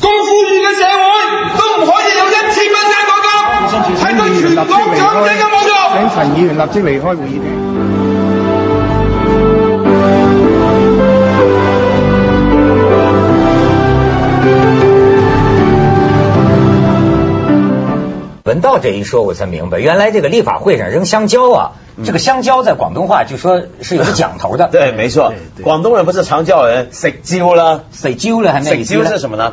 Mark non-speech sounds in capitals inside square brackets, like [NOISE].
高富裕嘅社會都唔可以有一千蚊生果金，係對全國長者嘅侮辱。請陳議員立即離開，開會議廳。聞道這一說，我才明白，原來這個立法會上扔香蕉啊、嗯，這個香蕉在廣東話就說是有個講頭的。 [LAUGHS] 對，沒錯，廣東人不是常叫人，食蕉啦，食蕉了還咩意思？食蕉是什麼呢？